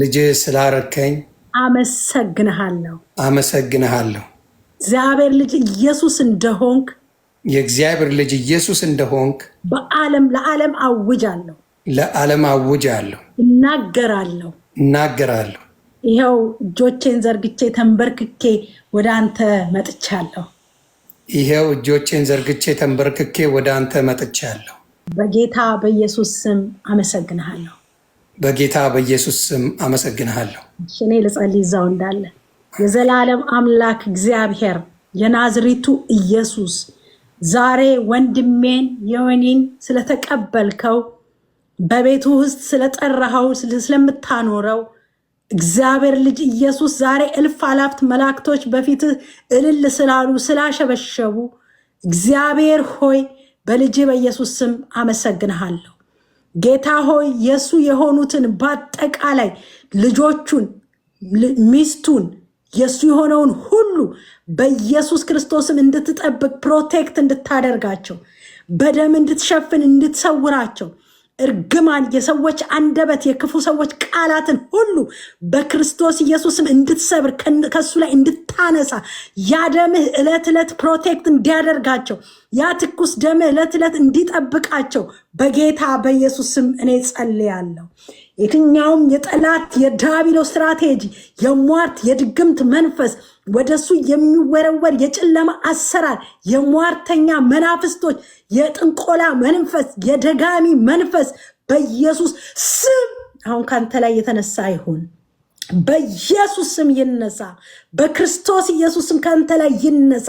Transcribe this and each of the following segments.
ልጅ ስላረከኝ አመሰግንሃለሁ፣ አመሰግንሃለሁ። እግዚአብሔር ልጅ ኢየሱስ እንደሆንክ የእግዚአብሔር ልጅ ኢየሱስ እንደሆንክ በዓለም ለዓለም አውጃለሁ፣ ለዓለም አውጃለሁ፣ እናገራለሁ፣ እናገራለሁ። ይኸው እጆቼን ዘርግቼ ተንበርክኬ ወደ አንተ መጥቻለሁ። ይኸው እጆቼን ዘርግቼ ተንበርክኬ ወደ አንተ መጥቻለሁ። በጌታ በኢየሱስ ስም አመሰግንሃለሁ። በጌታ በኢየሱስ ስም አመሰግንሃለሁ። እኔ ልጸልይ እዛው እንዳለ የዘላለም አምላክ እግዚአብሔር የናዝሪቱ ኢየሱስ ዛሬ ወንድሜን የወኒን ስለተቀበልከው በቤቱ ውስጥ ስለጠራኸው ስለምታኖረው እግዚአብሔር ልጅ ኢየሱስ ዛሬ እልፍ አላፍት መላእክቶች በፊትህ እልል ስላሉ ስላሸበሸቡ እግዚአብሔር ሆይ በልጅ በኢየሱስ ስም አመሰግንሃለሁ። ጌታ ሆይ የእሱ የሆኑትን በአጠቃላይ ልጆቹን፣ ሚስቱን የእሱ የሆነውን ሁሉ በኢየሱስ ክርስቶስም እንድትጠብቅ ፕሮቴክት እንድታደርጋቸው፣ በደም እንድትሸፍን እንድትሰውራቸው እርግማን የሰዎች አንደበት የክፉ ሰዎች ቃላትን ሁሉ በክርስቶስ ኢየሱስም እንድትሰብር ከሱ ላይ እንድታነሳ ያ ደምህ ዕለት ዕለት ፕሮቴክት እንዲያደርጋቸው ያ ትኩስ ደምህ ዕለት ዕለት እንዲጠብቃቸው በጌታ በኢየሱስም ስም እኔ ጸልያለሁ። የትኛውም የጠላት የዳቢሎ ስትራቴጂ የሟርት የድግምት መንፈስ ወደሱ የሚወረወር የጨለማ አሰራር የሟርተኛ መናፍስቶች የጥንቆላ መንፈስ የደጋሚ መንፈስ በኢየሱስ ስም አሁን ካንተ ላይ የተነሳ ይሁን። በኢየሱስ ስም ይነሳ። በክርስቶስ ኢየሱስ ስም ከአንተ ላይ ይነሳ።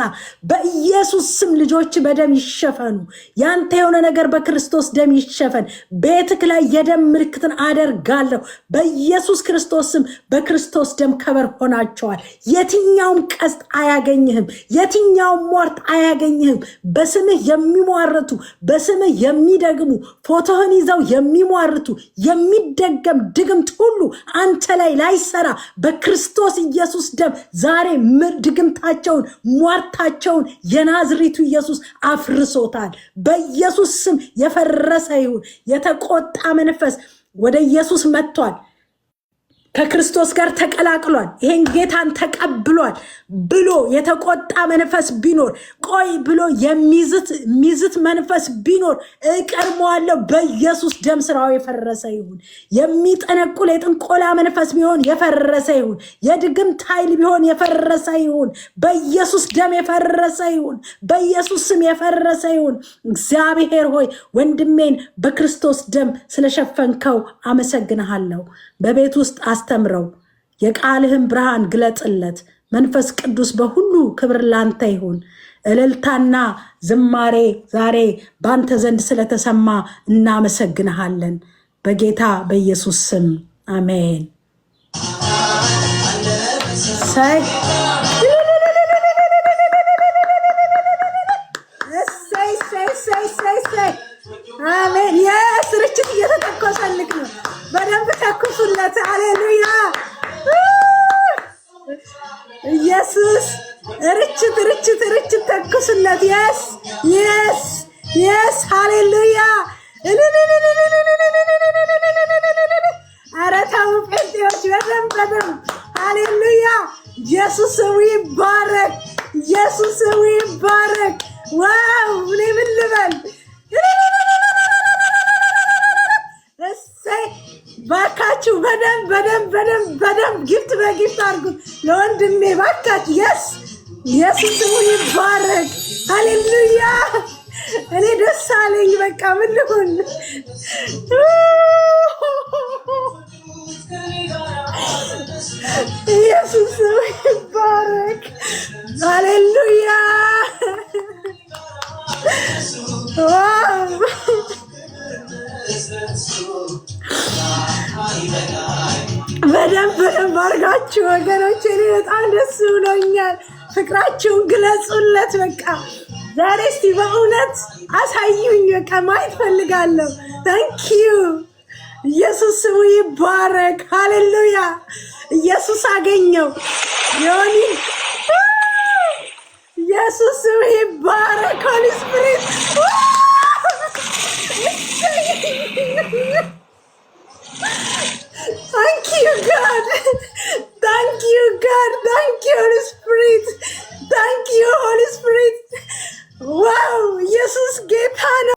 በኢየሱስ ስም ልጆች በደም ይሸፈኑ። ያንተ የሆነ ነገር በክርስቶስ ደም ይሸፈን። ቤትክ ላይ የደም ምልክትን አደርጋለሁ። በኢየሱስ ክርስቶስ ስም በክርስቶስ ደም ከበር ሆናቸዋል። የትኛውም ቀስት አያገኝህም። የትኛውም ሟርት አያገኝህም። በስምህ የሚሟርቱ በስምህ የሚደግሙ ፎቶህን ይዘው የሚሟርቱ የሚደገም ድግምት ሁሉ አንተ ላይ ላይ ሳይሰራ በክርስቶስ ኢየሱስ ደም ዛሬ ድግምታቸውን፣ ሟርታቸውን የናዝሪቱ ኢየሱስ አፍርሶታል። በኢየሱስ ስም የፈረሰ ይሁን። የተቆጣ መንፈስ ወደ ኢየሱስ መጥቷል። ከክርስቶስ ጋር ተቀላቅሏል። ይሄን ጌታን ተቀብሏል ብሎ የተቆጣ መንፈስ ቢኖር ቆይ ብሎ የሚዝት መንፈስ ቢኖር እቀድመዋለሁ። በኢየሱስ ደም ስራው የፈረሰ ይሁን። የሚጠነቁል የጥንቆላ መንፈስ ቢሆን የፈረሰ ይሁን። የድግምት ኃይል ቢሆን የፈረሰ ይሁን። በኢየሱስ ደም የፈረሰ ይሁን። በኢየሱስ ስም የፈረሰ ይሁን። እግዚአብሔር ሆይ ወንድሜን በክርስቶስ ደም ስለሸፈንከው አመሰግንሃለሁ። በቤት ውስጥ አስተምረው፣ የቃልህን ብርሃን ግለጥለት መንፈስ ቅዱስ በሁሉ ክብር ላንተ ይሁን። እልልታና ዝማሬ ዛሬ ባንተ ዘንድ ስለተሰማ እናመሰግንሃለን። በጌታ በኢየሱስ ስም አሜን። ኢየሱስ ርችት ርችት ርችት ተኩስለት። የስ የስ የስ ሃሌሉያ። ኧረ ተው ጴንጤዎች፣ በደምብ በደምብ ሃሌሉያ። ኢየሱስ ይባረክ። ኢየሱስ ይባረክ። ዋው እኔ ምን ልበል በደንብ በደንብ በደንብ ግፍት በግፍት አድርጉ ለወንድሜ ባካችሁ። የስ ኢየሱስ ስሙ ይባረክ። ሃሌሉያ። እኔ ደስ አለኝ። በቃ ምን ልሁን ወገኖች፣ እኔ በጣም ደስ ብሎኛል። ፍቅራችሁን ግለጹለት። በቃ ዛሬ እስቲ በእውነት አሳዩኝ። በቃ ማየት ፈልጋለሁ። ታንኪዩ ኢየሱስ ስሙ ይባረክ። ሃሌሉያ ኢየሱስ አገኘው ዮኒ ኢየሱስ ስሙ ይባረክ። ሆሊ ስፒሪት ታንኪዩ ጋ